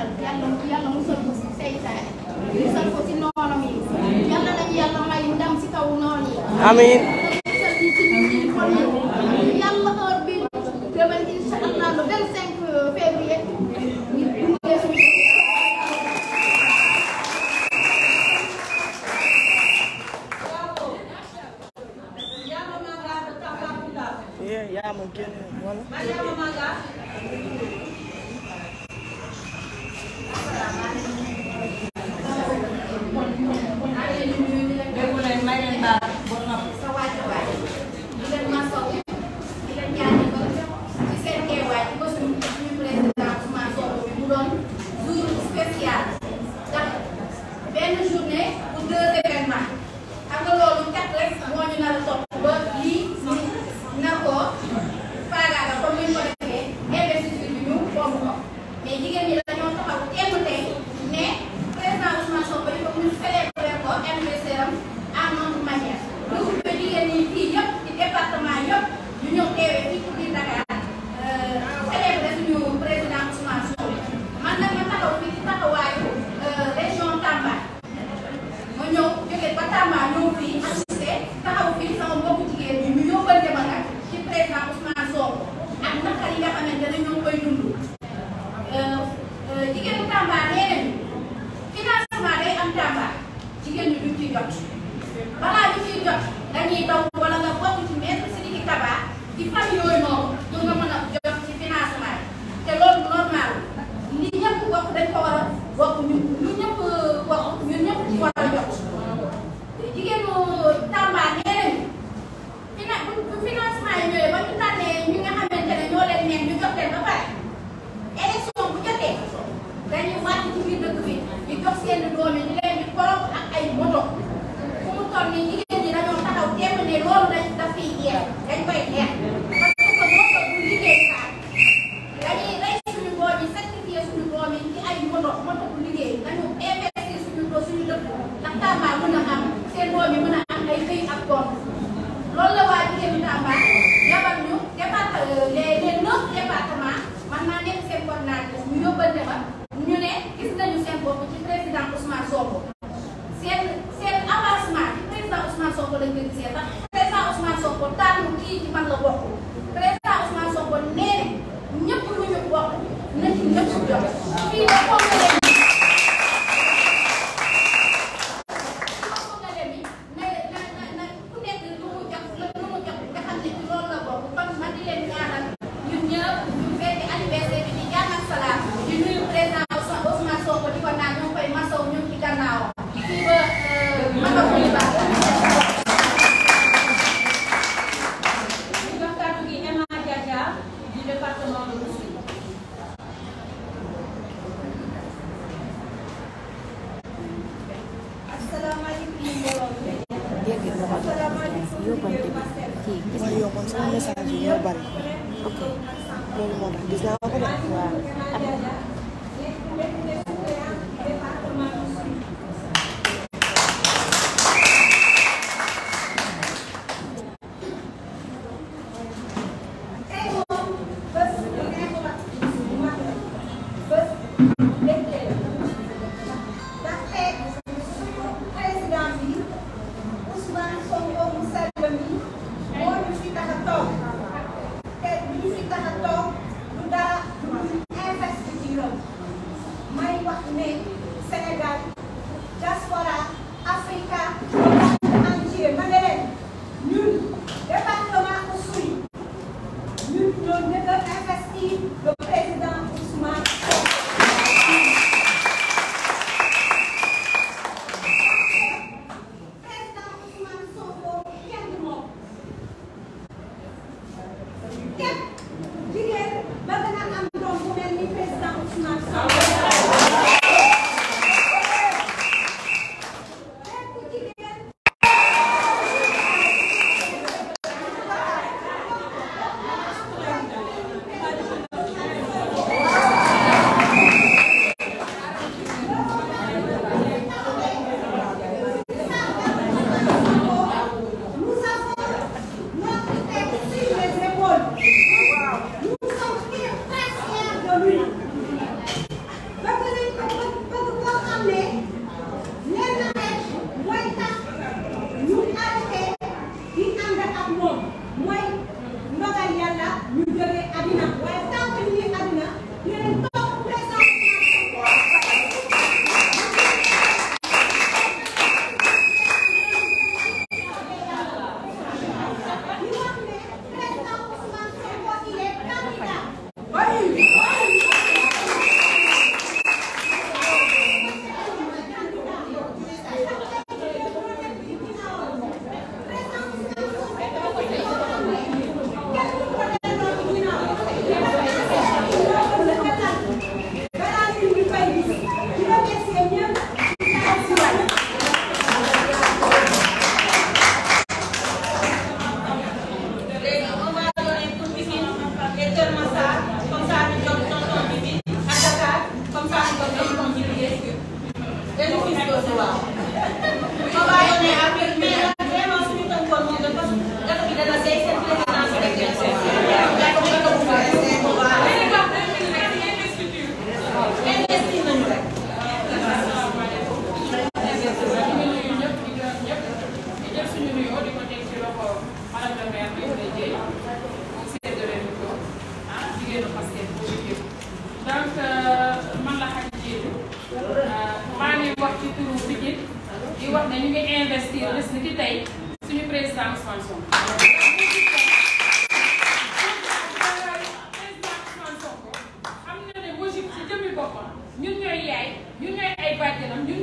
ñaanal yàlla yàlla musal ko si seytaane musal ko si noonam yàlla nañu yàlla may ndam si kaw noon yi mais jigéen yóbbante bi kii gis nga yow man sama message yi ñoo bari ok loolu moo tax gis naa ko de waaw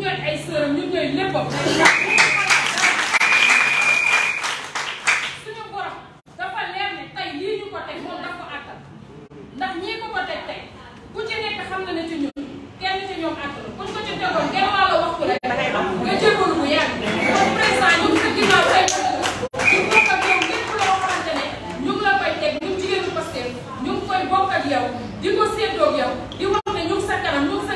ñooy ay sëram ñun ñooy léppam. suñu borom dafa leer ne tey lii ñu ko teg moom dafa àttal ndax ñii ko ko teg tey ku ci nekk xam na ne ci ñun kenn ci ñoom àttal buñ ko ci tegoon kenn wàllu wax ko rek nga jégalu bu yàgg. kon président ñun sa ginnaaw tey ñu bokk ak yow lépp loo xamante ne ñu ngi la koy teg ñun jigéenu Pastef ñu ngi koy bokk ak yow di ko séddoo ak yow di wax ne ñu ngi sa kanam ñu ngi sa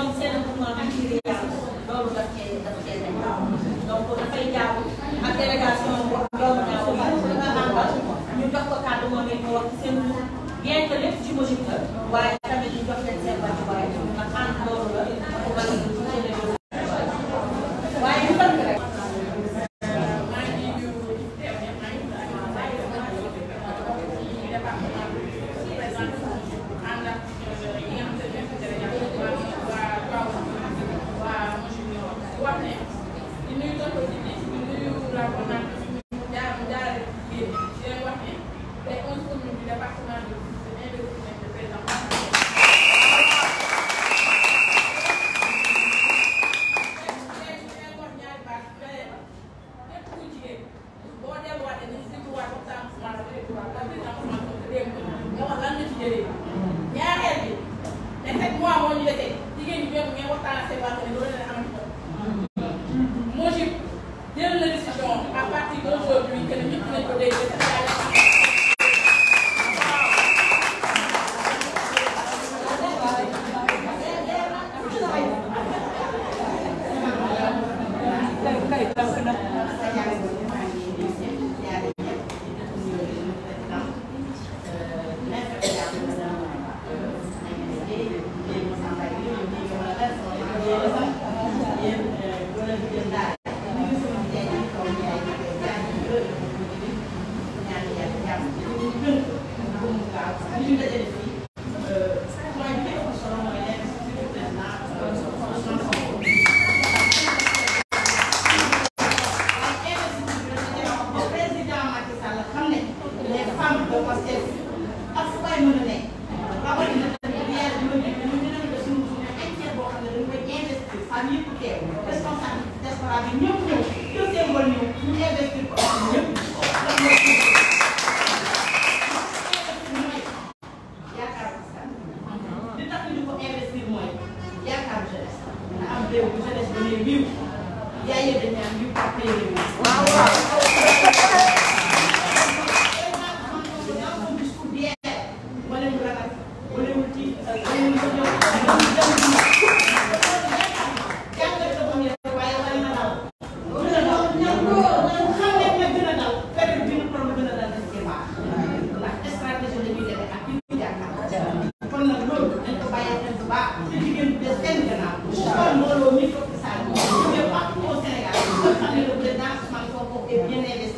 ñoom seen mouvement bi loolu daf cee daf cee nekk donc dafay jaamu ak délégation bëree mm. ñaareel bi dañ fekk mois moo ñu defee jigéen ñi ñoom ñooy waxtaan ak seen waa kër loolu la Pastef ak fu waay mën a nekk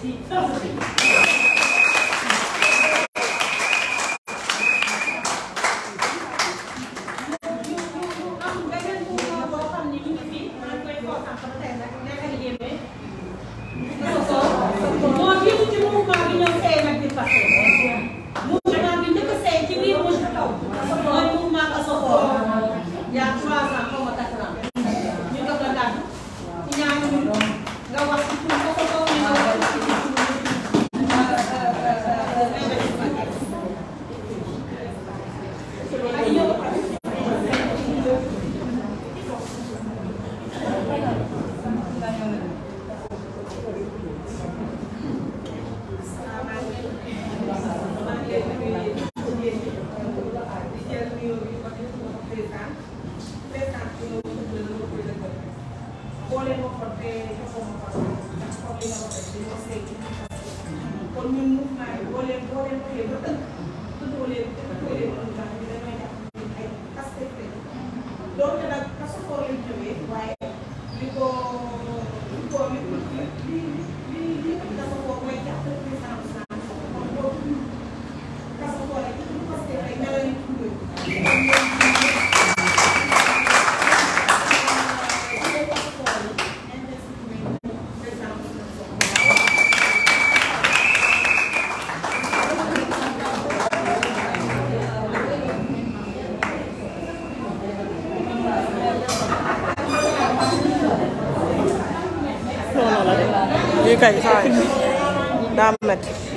aussi favori. kon ñun mouvement yi boo leen boo leen ba tënk tënkoo leen tënkoo leen kay daa metti